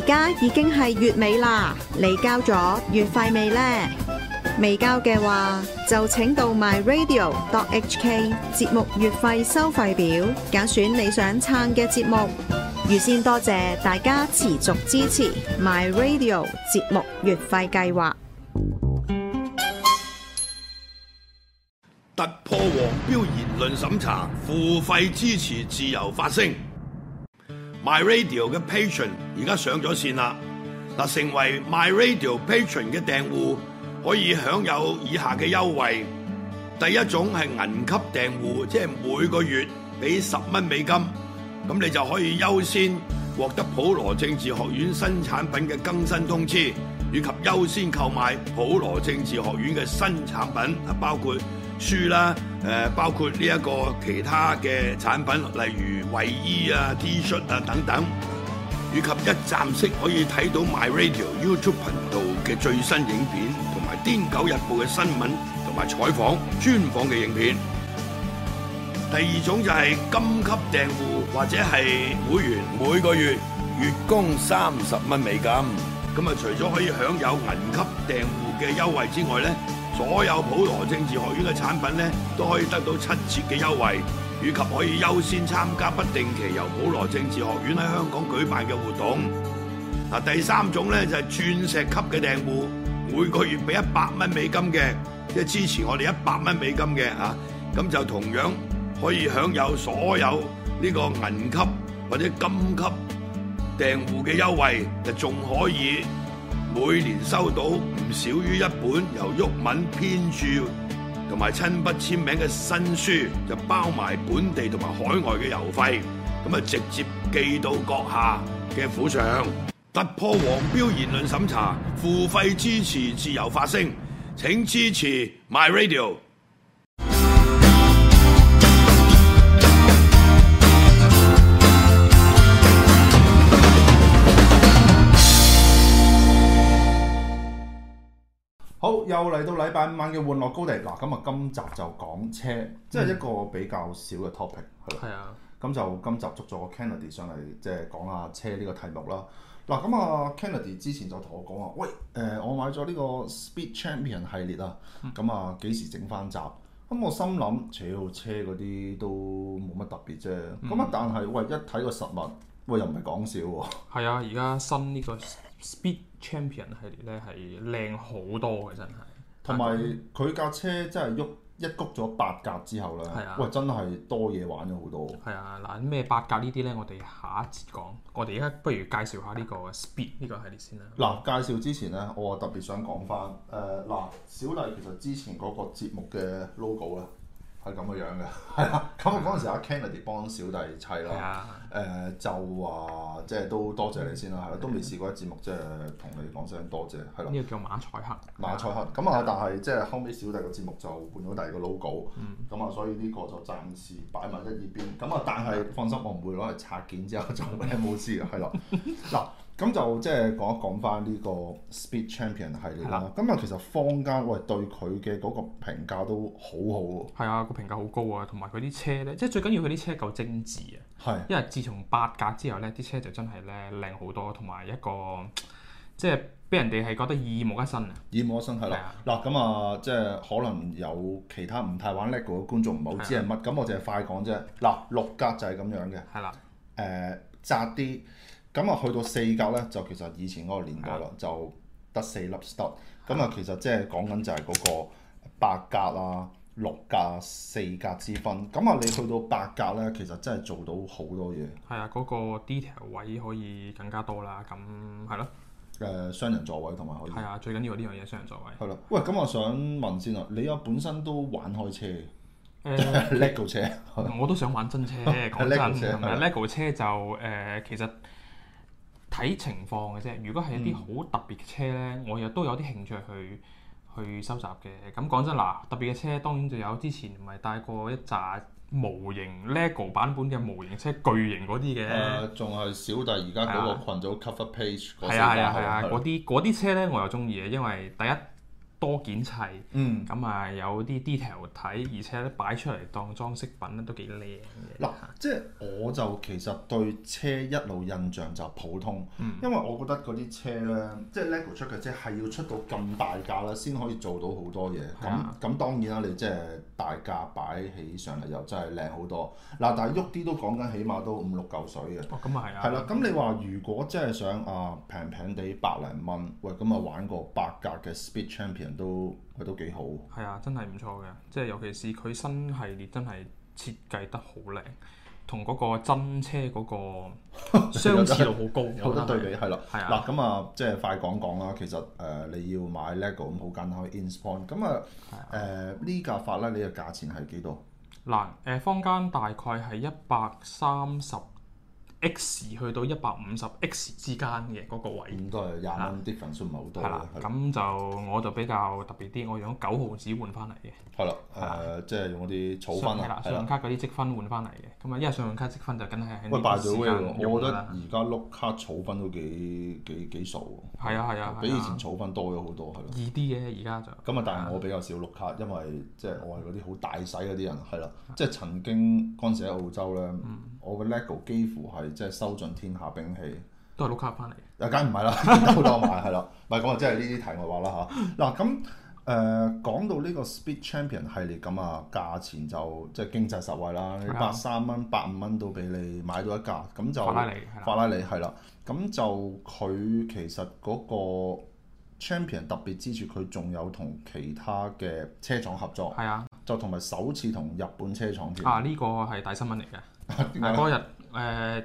而家已經係月尾啦，你交咗月費未呢？未交嘅話，就請到 myradio.hk 節目月費收費表，揀選你想撐嘅節目。預先多謝大家持續支持 myradio 節目月費計劃。突破黃標言論審查，付費支持自由發聲。MyRadio 嘅 Patreon 而家上咗線啦，嗱，成為 MyRadio Patreon 嘅訂戶可以享有以下嘅優惠。第一種係銀級訂戶，即係每個月俾十蚊美金，咁你就可以優先獲得普羅政治學院新產品嘅更新通知，以及優先購買普羅政治學院嘅新產品，啊，包括書啦。誒包括呢一個其他嘅產品，例如衞衣啊、T 恤啊等等，以及一站式可以睇到 MyRadio YouTube 頻道嘅最新影片，同埋《癲狗日報》嘅新聞同埋採訪專訪嘅影片。第二種就係金級訂戶或者係會員，每個月月供三十蚊美金。咁啊，除咗可以享有銀級訂戶嘅優惠之外咧。所有普羅政治學院嘅產品咧，都可以得到七折嘅優惠，以及可以優先參加不定期由普羅政治學院喺香港舉辦嘅活動。嗱、啊，第三種咧就係、是、鑽石級嘅訂戶，每個月俾一百蚊美金嘅，即、就、係、是、支持我哋一百蚊美金嘅啊，咁就同樣可以享有所有呢個銀級或者金級訂戶嘅優惠，就仲可以。每年收到唔少於一本由毓民編著同埋親筆簽名嘅新書，就包埋本地同埋海外嘅郵費，咁啊直接寄到閣下嘅府上。突破黃標言論審查，付費支持自由發聲，請支持 My Radio。好，又嚟到禮拜五晚嘅玩樂高地嗱，咁啊今集就講車，即係一個比較少嘅 topic 係啦、嗯。咁就吧今集捉咗個 Kennedy 上嚟，即係講下車呢個題目啦。嗱，咁、嗯、啊 Kennedy 之前就同我講話，喂，誒、呃、我買咗呢個 Speed Champion 系列啊，咁啊幾時整翻集？咁、嗯、我心諗，除咗、哎、車嗰啲都冇乜特別啫。咁啊、嗯，但係喂一睇個實物，喂又唔係講笑喎。係、嗯、 啊，而家新呢個。Speed Champion 系列咧係靚好多嘅，真係。同埋佢架車真係喐一谷咗八格之後咧，啊、喂，真係多嘢玩咗好多。係啊，嗱咩八格呢啲咧？我哋下一節講。我哋而家不如介紹下呢個 Speed 呢個系列先啦。嗱、啊，介紹之前咧，我特別想講返誒嗱，小麗其實之前嗰個節目嘅 logo 啦。係咁嘅樣嘅，係啦。咁啊嗰陣時阿 Kennedy 幫小弟砌啦，誒、啊呃、就話即係都多謝你先啦，係咯、啊，都未試過一節目即係同你講聲多謝，係咯、啊。呢個叫馬賽克。馬賽克咁啊，但係即係後尾小弟個節目就換咗第二個 logo，咁啊、嗯嗯嗯，所以呢個就暫時擺埋一二邊。咁啊，但係放心，我唔會攞嚟拆件之後就 Muse 嘅，係咯、啊。嗱。 咁就即係講一講翻呢個 Speed Champion 系列啦的。咁啊，其實坊間喂對佢嘅嗰個評價都好好喎。係啊，個評價好高啊，同埋佢啲車咧，即係最緊要佢啲車夠精緻啊。係的。因為自從八格之後咧，啲車就真係咧靚好多，同埋一個即係俾人哋係覺得耳目一新啊。耳目一新係啦。嗱咁啊，即係可能有其他唔太玩 LEGO 嘅觀眾唔係好知係乜，咁的我淨係快講啫。嗱六格就係咁樣嘅。係啦的。誒、呃、窄啲。咁啊，去到四格咧，就其實以前嗰個年代啦，的就得四粒 stop 的。咁啊，其實即係講緊就係嗰個八格啊、六格、四格之分。咁啊，你去到八格咧，其實真係做到好多嘢。係啊，嗰、嗰個 detail 位可以更加多啦。咁係咯。誒，雙、呃、人座位同埋可以。係啊，最緊要呢樣嘢雙人座位。係咯。喂，咁我想問先啊，你啊本身都玩開車嘅？欸、 lego 車 我都想玩真車，講真。係 lego 車就誒、呃，其實。睇情況嘅啫，如果係一啲好特別嘅車呢，嗯、我又都有啲興趣去去收集嘅。咁講真嗱，特別嘅車當然就有之前唔係帶過一紮模型 LEGO 版本嘅模型車，巨型嗰啲嘅。仲係、呃、小弟而家嗰個羣組 cover page 嗰啲，係啊係啊係啊，啲啲車呢，我又中意嘅，因為第一。多件砌，嗯，咁啊有啲 detail 睇，而且咧擺出嚟當裝飾品咧都幾靚嘅。嗱、嗯，即係我就其實對車一路印象就普通，嗯，因為我覺得啲車咧，即、就、係、是、LEGO 出嘅車係要出到咁大價啦，先可以做到好多嘢。咁咁當然啦、啊，你即係大價擺起上嚟又真係靚好多。嗱、啊，但係喐啲都講緊起碼都五六舊水嘅。哦，咁啊係啊。係啦、嗯，咁你話如果真係想啊平平哋百零蚊，喂，咁啊玩個八格嘅 Speed Champion。都都幾好，係啊！真係唔錯嘅，即係尤其是佢新系列真係設計得好靚，同嗰個真車嗰個相似度好高， 有,的有得對比係啦。嗱咁啊，了啊即係快講講啦。其實誒、呃，你要買 LEGO 咁好簡單 Inspon 咁啊誒呢架法拉利嘅價錢係幾多？嗱誒、呃，坊間大概係一百三十。X 去到一百五十 X 之間嘅嗰個位，應該係廿蚊啲分數唔係好多。係啦，咁就我就比較特別啲，我用咗九毫紙換翻嚟嘅。係啦，誒，即係用嗰啲草分啊，信用卡嗰啲積分換翻嚟嘅。咁啊，因為信用卡積分就梗係喺啲時間。我覺得而家碌卡草分都幾幾幾數。係啊係啊，比以前草分多咗好多係。易啲嘅而家就。咁啊，但係我比較少碌卡，因為即係我係嗰啲好大使嗰啲人。係啦，即係曾經嗰陣時喺澳洲咧。我嘅 LEGO 幾乎係即係收盡天下兵器，都係碌卡返嚟。又梗唔係啦，好多買係啦，唔係講話，即係呢啲題外話啦嚇。嗱咁誒講到呢個 Speed Champion 系列咁啊，價錢就即係、就是、經濟實惠啦，百三蚊、百五蚊都俾你買到一架。咁就法拉利係啦，法拉利係啦。咁就佢其實嗰個 Champion 特別之處，佢仲有同其他嘅車廠合作。係啊的，就同埋首次同日本車廠接。的 啊，呢、這個係大新聞嚟嘅。嗰日誒、呃、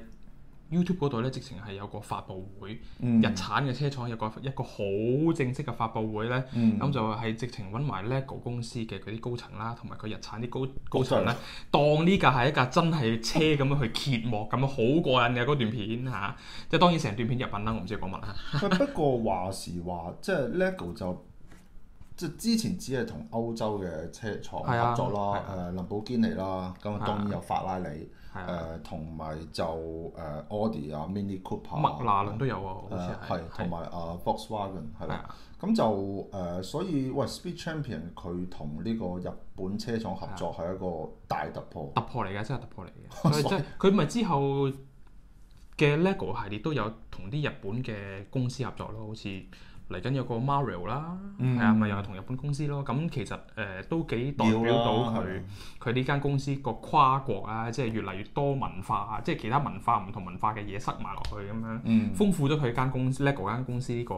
YouTube 嗰度咧，直情係有個發佈會，嗯、日產嘅車廠有一個一個好正式嘅發佈會咧，咁、嗯、就係直情揾埋 LEGO 公司嘅嗰啲高層啦，同埋個日產啲高高層咧，當呢架係一架真係車咁樣去揭幕，咁好過癮嘅嗰段片嚇，即係當然成段片日文啦，我唔知你講乜嚇。不過話時話，即係 LEGO 就即係之前只係同歐洲嘅車廠合作咯，誒、uh, 林寶堅尼啦，咁當然有法拉利。誒同埋就誒、呃、Audi 啊 Mini Cooper 麥拿倫都有，呃、是有啊，好似係同埋啊 Volkswagen 係啦。咁就誒、呃、所以喂 Speed Champion 佢同呢個日本車廠合作係一個大突破，突破嚟嘅，真係突破嚟嘅。即係佢咪之後嘅 Lego 系列都有同啲日本嘅公司合作咯，好似。嚟緊有個 Mario 啦，係、嗯、啊，咪又係同日本公司咯。咁其實誒、呃、都幾代表到佢佢呢間公司個跨國啊，即係越嚟越多文化，即係其他文化唔同文化嘅嘢塞埋落去咁樣，嗯、豐富咗佢間公司，LEGO 間公司呢、這個。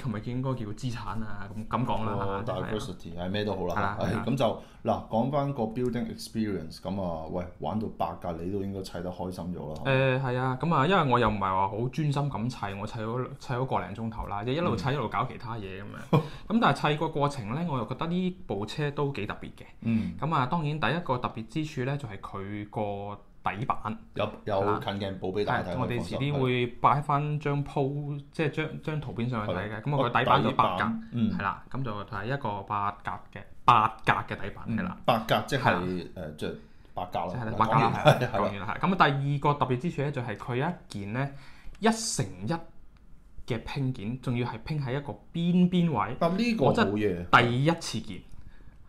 琴日應該叫資產啊，咁咁講啦。哦、oh, the，diversity 係咩吧都好啦，係咁、啊啊、就嗱講翻個 building experience，咁啊喂，玩到八㗎，你都應該砌得開心咗啦。誒係啊，咁、呃、啊，因為我又唔係話好專心咁砌，我砌咗砌咗個零鐘頭啦，就一路砌、嗯、一路搞其他嘢咁樣。咁 但係砌個過程咧，我又覺得呢部車都幾特別嘅。嗯。咁啊、嗯，當然第一個特別之處咧，就係佢個。底板有有近鏡補俾大家睇，我哋遲啲會擺翻張鋪，即係張張圖片上去睇嘅。咁我個底板就八格，係啦，咁就係一個八格嘅八格嘅底板，係啦，八格即係誒，即係八格啦，八格係，係咁啊。第二個特別之處咧，就係佢一件咧，一乘一嘅拼件，仲要係拼喺一個邊邊位。但呢個真係第一次見。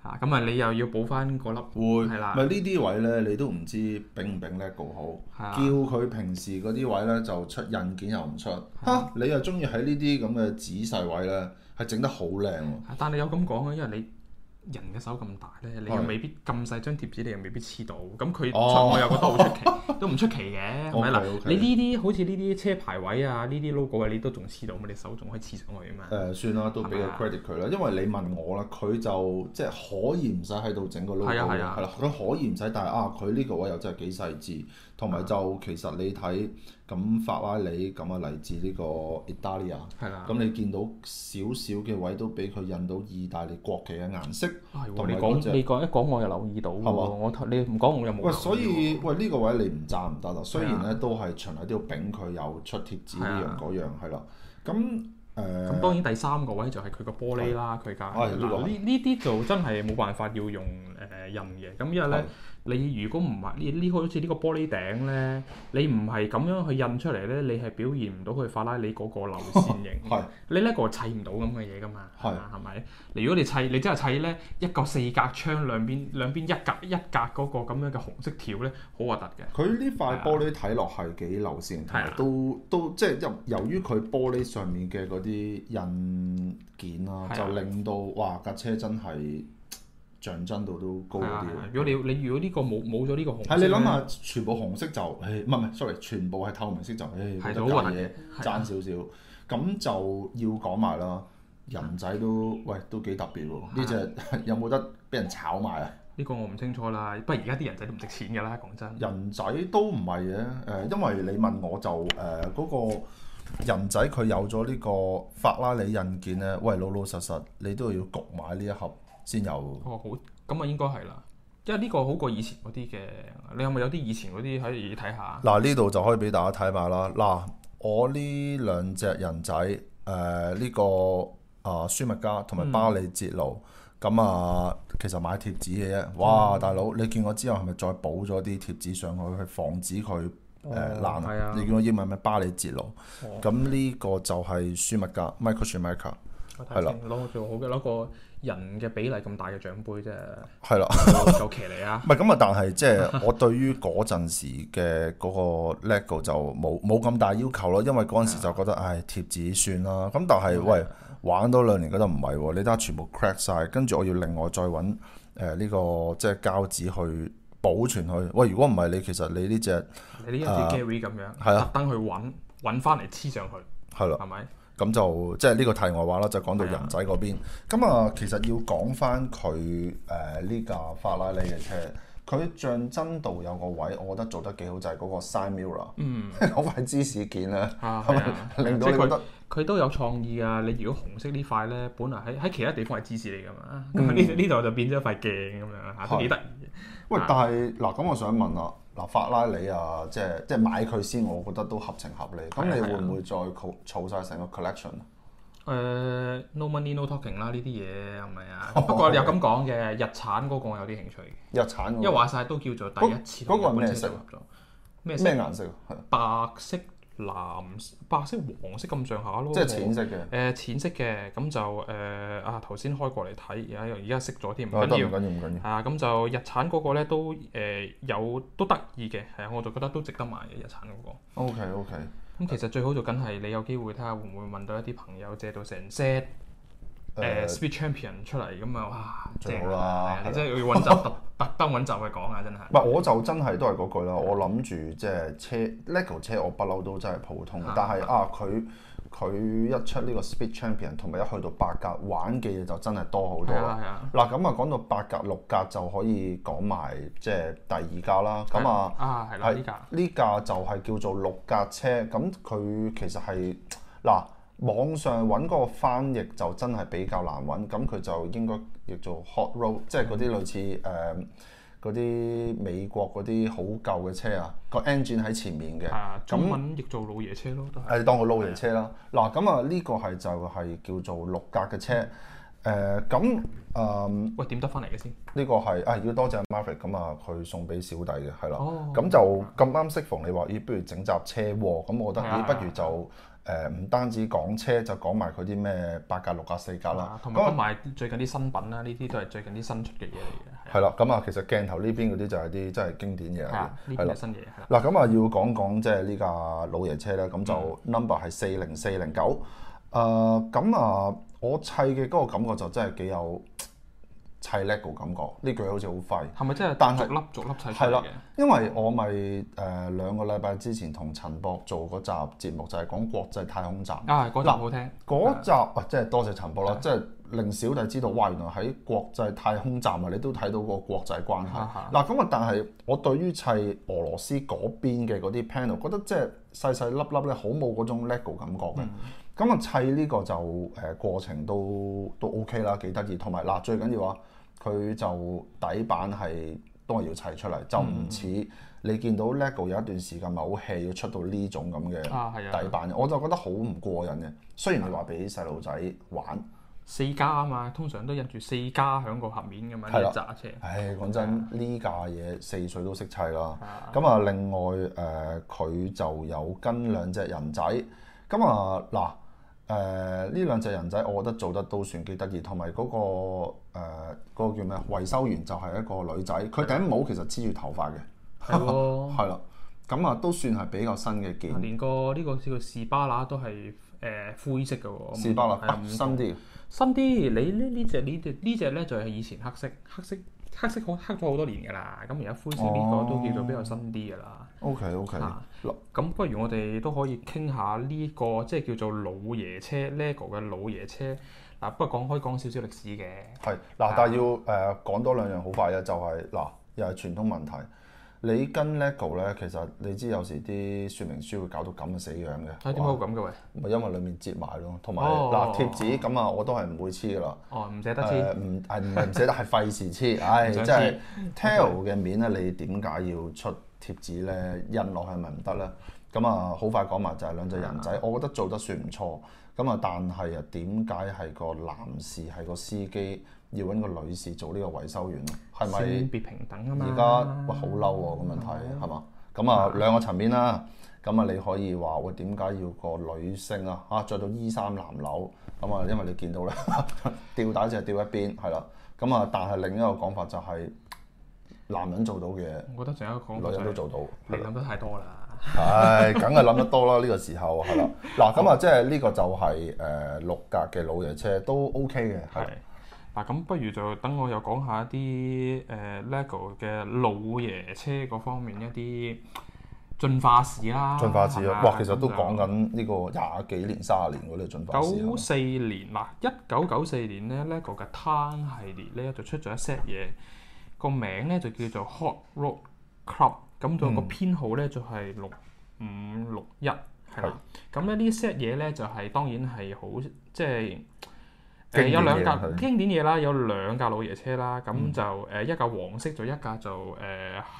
嚇！咁啊，你又要補翻嗰粒，係會啦，咪呢啲位咧，你都唔知炳唔炳叻夠好。啊、叫佢平時嗰啲位咧，就出印件又唔出。嚇、啊！你又中意喺呢啲咁嘅仔細位咧，係整得好靚喎。但你有咁講啊，因為你。人嘅手咁大咧，你又未必咁細的張貼紙，你又未必黐到。咁佢，我又覺得好出奇，哦、都唔出奇嘅，係咪嗱？Okay, okay. 你呢啲好似呢啲車牌位啊，呢啲 logo 啊，你都仲黐到咩？你手仲可以黐上去啊嘛。誒、嗯，算啦，都俾個 credit 佢啦，吧因為你問我啦，佢就即係、就是、可以唔使喺度整個 logo，係啦，佢可以唔使，但啊，佢呢個位又真係幾細緻。同埋就其實你睇，咁法拉利咁啊，嚟自呢個意大利啊，咁你見到少少嘅位都俾佢印到意大利國旗嘅顏色。係喎，你講你講一講，我又留意到喎。我睇你唔講，我又冇。所以喂，呢個位你唔讚唔得啦。雖然咧都係循喺啲度揈佢有出貼紙呢樣嗰樣係啦。咁誒，咁當然第三個位就係佢個玻璃啦，佢架。呢呢啲就真係冇辦法，要用誒印嘅。咁因為咧。你如果唔係呢呢個好似呢個玻璃頂咧，你唔係咁樣去印出嚟咧，你係表現唔到佢法拉利嗰個流線型。係 是。你呢個砌唔到咁嘅嘢噶嘛？係是。係咪？你如果你砌，你真係砌咧一個四格窗，兩邊兩邊一格一格嗰個咁樣嘅紅色條咧，好核突嘅。佢呢塊玻璃睇落係幾流線型，啊，都，都都即係由由於佢玻璃上面嘅嗰啲印件啊，啊就令到哇架車真係～像真度都高啲。如果你你如果呢個冇冇咗呢個紅色係你諗下，全部紅色就誒，唔係唔係，sorry，全部係透明色就誒，呢難嘢爭少少。咁就要講埋啦，人仔都喂都幾特別喎。呢隻有冇得俾人炒賣啊？呢個我唔清楚啦。不過而家啲人仔都唔值錢㗎啦，講真。人仔都唔係嘅，誒，因為你問我就誒嗰、呃嗰個人仔佢有咗呢個法拉利印件咧，喂，老老實實你都要焗買呢一盒。先有哦，好，咁啊應該係啦，因為呢個好過以前嗰啲嘅。你有冇有啲以前嗰啲可以睇下？嗱、啊，呢度就可以俾大家睇下啦。嗱、啊，我呢兩隻人仔，誒、呃、呢、這個啊、呃、舒麥加同埋巴里哲奴，咁、嗯、啊其實買貼紙嘅啫。哇，嗯、大佬，你見我之後係咪再補咗啲貼紙上去去防止佢誒、哦呃、爛？你見我英文係咪巴里哲奴？咁呢、哦嗯、個就係舒麥加 Michael Michael 係啦，攞最好嘅，攞個人嘅比例咁大嘅獎杯啫。係啦，有騎呢啊？唔係咁啊，但係即係我對於嗰陣時嘅嗰個 LEGO 就冇冇咁大要求咯，因為嗰陣時就覺得唉貼紙算啦。咁但係喂，玩多兩年覺得唔係喎，你得全部 crack 晒。跟住我要另外再揾呢個即係膠紙去保存佢。喂，如果唔係你其實你呢隻你呢一啲 Gary 咁樣，係啊，特登去揾揾翻嚟黐上去，係咯，係咪？咁就即係呢個題外話啦，就講到人仔嗰邊。咁啊，其實要講翻佢誒呢架法拉利嘅車，佢象真度有個位，我覺得做得幾好，就係、是、嗰個 side mirror，嗯，嗰塊芝士件咧，嚇、啊，令到你覺得佢都有創意啊！你如果你紅色塊呢塊咧，本來喺喺其他地方係芝士嚟㗎嘛，咁呢呢度就變咗塊鏡咁樣嚇，都幾得意。喂，但係嗱，咁我想問啊。嗱法拉利啊，即係即係買佢先，我覺得都合情合理。咁的你會唔會再儲晒成個 collection 啊、呃？誒 no money no talking 啦，呢啲嘢係咪啊？哦、不過又咁講嘅，哦、日產嗰個我有啲興趣。日產、嗰個，因為話晒都叫做第一次。嗰個係咩色？咩顏色？白色。藍、白色、黃色咁上下咯。即係淺色嘅。誒、呃、淺色嘅，咁就誒、呃、啊頭先開過嚟睇，而家又而家熄咗添，唔緊要。唔緊要，唔緊要。啊，咁就日產嗰個咧都誒有都得意嘅，係啊、嗯，我就覺得都值得買嘅日產嗰、嗰個。O K O K。咁、嗯、其實最好就梗係你有機會睇下會唔會問到一啲朋友借到成 set 誒 Speed Champion 出嚟，咁啊哇正好棒啊！你真係要揾揼特登走去講啊，真係。唔係我就真係都係嗰句啦。的我諗住即係車 Lego 車，我不嬲都真係普通，但係啊，佢佢是、啊、一出呢個 Speed Champion，同埋一去到八格玩嘅嘢就真係多好多。係啊係啊。嗱咁啊，講到八格六格就可以講埋即係第二架啦。咁的啊啊係啦，呢架呢架就係叫做六格車。咁佢其實係嗱。網上揾嗰個翻譯就真係比較難揾，咁佢就應該譯做 hot road，即係嗰啲類似誒嗰啲美國嗰啲好舊嘅車啊，個 engine 喺前面嘅。啊，總揾譯做老爺車咯，都係。誒，當佢老爺車啦。嗱，咁啊，呢個係就係叫做六格嘅車。誒、呃，咁啊，嗯、喂，點得翻嚟嘅先？呢個係啊，要多謝阿 Maverick，咁啊，佢送俾小弟嘅，係啦。哦。咁就咁啱適逢你話，咦、哎，不如整集車喎？咁我覺得，咦、啊，不如就。啊誒唔、呃、單止講車，就講埋佢啲咩八格六格四格啦。同埋、啊、最近啲新品啦，呢啲都係最近啲新出嘅嘢嚟嘅。係啦，咁啊，其實鏡頭呢邊嗰啲就係啲真係經典嘢啦。係啦、嗯，新嘢。嗱，咁啊，要講講即係呢架老爺車啦。咁就 number 係四零四零九。誒、呃，咁啊，我砌嘅嗰個感覺就真係幾有。砌 LEGO 感覺，呢句好似好廢。係咪真係逐粒但是逐粒砌出嚟嘅？係啦，因為我咪誒、呃、兩個禮拜之前同陳博做嗰集節目，就係講國際太空站。啊，嗰集好聽。嗰集，哇的！即係、啊、多謝陳博啦，即係的令小弟知道，哇！原來喺國際太空站啊，你都睇到個國際關係。嗱的，咁啊，啊，但係我對於砌俄羅斯嗰邊嘅嗰啲 panel，覺得即係細，細細粒粒咧，好冇嗰種 LEGO 感覺嘅。嗯咁啊砌呢個就誒過程都都 O K 啦，幾得意。同埋嗱，最緊要話佢就底板係都係要砌出嚟，就唔似你見到 LEGO 有一段時間冇戲要出到呢種咁嘅底板，啊、我就覺得好唔過癮嘅。雖然話俾細路仔玩四家啊嘛，通常都印住四家響個盒面嘅嘛呢扎車。唉，講的真呢的架嘢四歲都識砌啦。咁啊的，另外誒佢、呃、就有跟兩隻人仔。咁啊嗱。啊啊啊啊啊啊啊誒呢兩隻人仔，我覺得做得都算幾得意。同埋嗰個誒、呃嗰個、叫咩啊？維修員就係一個女仔，佢頂帽其實黐住頭髮嘅。係咯的，係啦、 嗯，咁啊都算係比較新嘅記念。連個呢個叫士巴拿都係誒灰色嘅喎。士巴拿深啲，深啲。你呢呢隻呢隻呢隻咧就係以前黑色，黑色。黑色好黑咗好多年㗎啦，咁而家灰色呢個都叫做比較新啲㗎啦。OK，OK。咁不如我哋都可以傾下呢個即係叫做老爺車，LEGO 嘅老爺車。嗱，不過講開講少少歷史嘅。係嗱，但係要誒講多兩樣好快嘅，就係嗱，又係傳統問題。你跟 LEGO 咧，其實你知有時啲說明書會搞到咁死樣嘅，點解、啊、哇會咁嘅喂？咪因為裡面折埋咯，同埋嗱貼紙咁啊，我都係唔會黐噶啦。哦，唔捨得黐。誒、呃，唔係唔捨得，係費事黐。唉、哎，即係 Tell 嘅面咧，你點解要出貼紙咧？ 印落係咪唔得咧？咁啊，好快講埋就係兩隻人仔，的我覺得做得算唔錯。咁啊，但係啊，點解係個男士係個司機要揾個女士做呢個維修員？係咪性別平等嘛啊？嘛而家喂，好嬲喎！咁樣睇係嘛？咁啊，的兩個層面啦。咁啊，你可以話喂，點解要個女性啊？嚇、啊，著到衣衫襤褸。咁啊，因為你見到咧， 吊帶就係吊一邊，係啦。咁啊，但係另一個講法就係男人做到嘅嘢，我覺得仲有一個講法，女人都做到，你諗得太多啦。係，梗係諗得多啦！呢個時候係啦，嗱咁啊，即係呢個就係誒六格嘅老爺車都 OK 嘅。係，嗱咁不如就等我又講下一啲誒 LEGO 嘅老爺車嗰方面一啲進化史啦。進化史啊，哇！其實都講緊呢個廿幾年、三十年嗰啲進化史。九四年嗱，一九九四年咧，LEGO 嘅 Town 系列咧就出咗一 set 嘢，個名咧就叫做 Hot Rod Club。咁佢個編號咧就係六五六一，係啦。咁咧呢 set 嘢咧就係當然係好，即係有兩架經典嘢啦，有兩架老爺車啦。咁就誒一架黃色，就一架就誒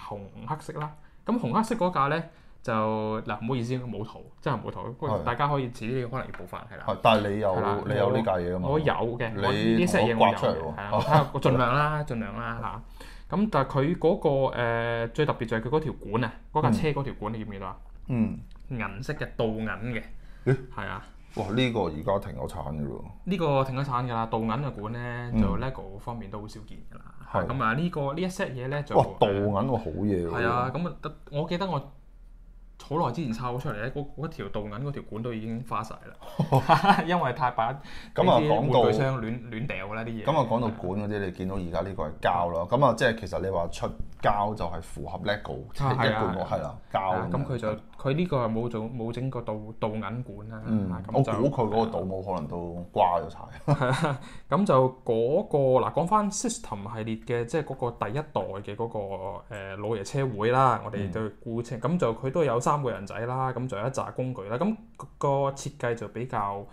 紅黑色啦。咁紅黑色嗰架咧就嗱，唔好意思，冇圖真係冇圖，不過大家可以自己可能要補翻係啦。但係你有你有呢架嘢㗎嘛？我有嘅，我呢 set 嘢我有，係啦，我盡量啦，盡量啦吓。咁但係佢嗰個、呃、最特別就係佢嗰條管啊，嗰架車嗰條管你見唔見到啊？這個、嗯，銀色嘅鍍銀嘅，係啊，哇！呢個而家停咗產㗎咯，呢個停咗產㗎啦，鍍銀嘅管咧就呢個方面都好少見㗎啦。係、嗯，咁啊、這個、呢個呢一 set 嘢咧就是，哇！鍍銀我好嘢喎，係啊，咁啊我記得我。好耐之前抄好出嚟咧，嗰嗰一條鍍銀嗰條管都已經花晒啦，因為太擺啲攤貨商亂亂掉啦啲嘢。咁啊講到管嗰啲，你見到而家呢個係膠咯，咁啊即係其實你話出膠就係符合 legal，一罐啦膠。咁佢就佢呢個係冇做冇整過鍍鍍銀管啦。嗯，我估佢嗰個鍍冇可能都瓜咗晒！咁就嗰個嗱講翻 system 系列嘅，即係嗰個第一代嘅嗰個老爺車會啦，我哋對顧車咁就佢都有三個人仔啦，咁就有一紮工具啦，咁個設計就比較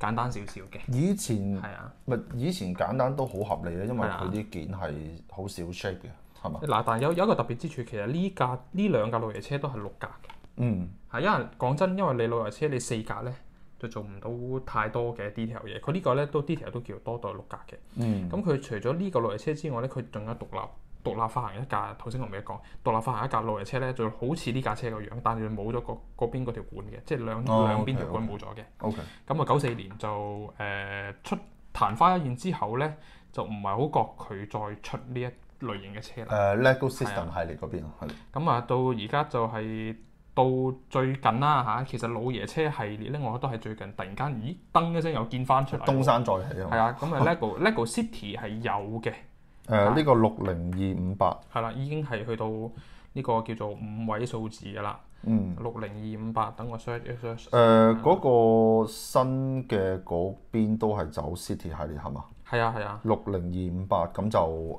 簡單少少嘅。以前係啊，以前簡單都好合理咧，因為佢啲件係好少 shape 嘅，係嘛？嗱，但有有一個特別之處，其實呢架呢兩架露營車都係六格嘅。嗯，係因為講真，因為你露營車你四格咧，就做唔到太多嘅 detail 嘢。佢呢個咧都 detail 都叫多到六格嘅。嗯，咁佢除咗呢個露營車之外咧，佢更加獨立。獨立發行一架，頭先我未講獨立發行一架老爺車咧，就好似呢架車個樣，但係佢冇咗嗰嗰邊嗰條管嘅，即係兩、oh, okay, 兩邊條管冇咗嘅。OK。咁啊，九四年就誒、呃、出《曇花一現》之後咧，就唔係好覺佢再出呢一類型嘅車啦。誒，LEGO System 系列嗰邊啊，咁啊，到而家就係、是、到最近啦、啊、嚇，其實老爺車系列咧，我覺得都係最近突然間，咦，噔一聲又見翻出嚟，東山再起啊！係啊， 咁啊 LEGO LEGO City 係有嘅。誒呢個六零二五八係啦，已經係去到呢個叫做五位數字㗎啦。嗯，六零二五八等我 search 一 search。誒嗰個新嘅嗰邊都係走 City 系列係嘛？係啊係啊。六零二五八，咁就誒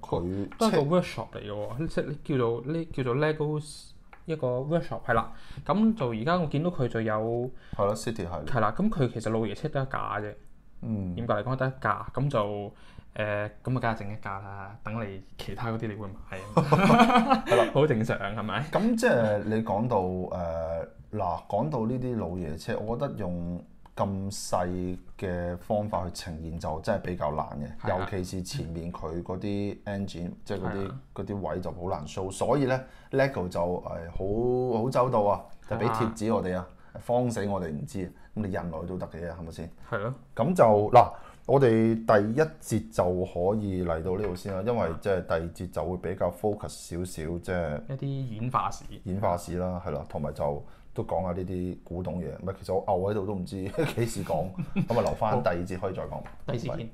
佢都係個 workshop 嚟嘅喎，即叫做呢叫做 Legos 一個 workshop 係啦。咁就而家我見到佢就有係咯 City 系列。係啦，咁佢其實老爺車都係假嘅，嗯。嚴格嚟講，得一架？咁就。誒咁啊，梗係整一架啦！等你其他嗰啲，你會買啊？係啦 的，好 正常係咪？咁即係你講到誒嗱、呃，講到呢啲老爺車，我覺得用咁細嘅方法去呈現就真係比較難嘅，的尤其是前面佢嗰啲 engine，即係嗰啲啲位就好難 show。所以咧 LEGO 就誒好好周到啊，就俾貼紙我哋啊，方的、嗯、死我哋唔知，咁你印落去都得嘅，係咪先？係咯的。咁就嗱。 我哋第一節就可以嚟到呢度先啦，因為即係第二節就會比較 focus 少少，即係一啲演化史、演化史啦，係 咯樂，同埋就都講下呢啲古董嘢。唔係，其實我牛喺度都唔知幾時講，咁啊 留翻第二節可以再講。好對第